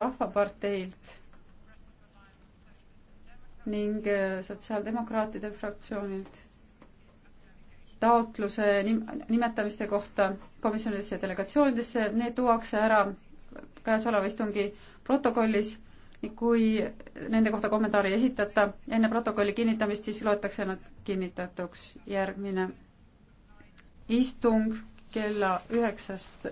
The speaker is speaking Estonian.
Rahvaparteilt ning äh, Sotsiaaldemokraatide fraktsioonilt taotluse nim nimetamiste kohta komisjonidesse ja delegatsioonidesse, need tuuakse ära käesoleva istungi protokollis ning kui nende kohta kommentaari ei esitata enne protokolli kinnitamist, siis loetakse nad kinnitatuks. järgmine istung kella üheksast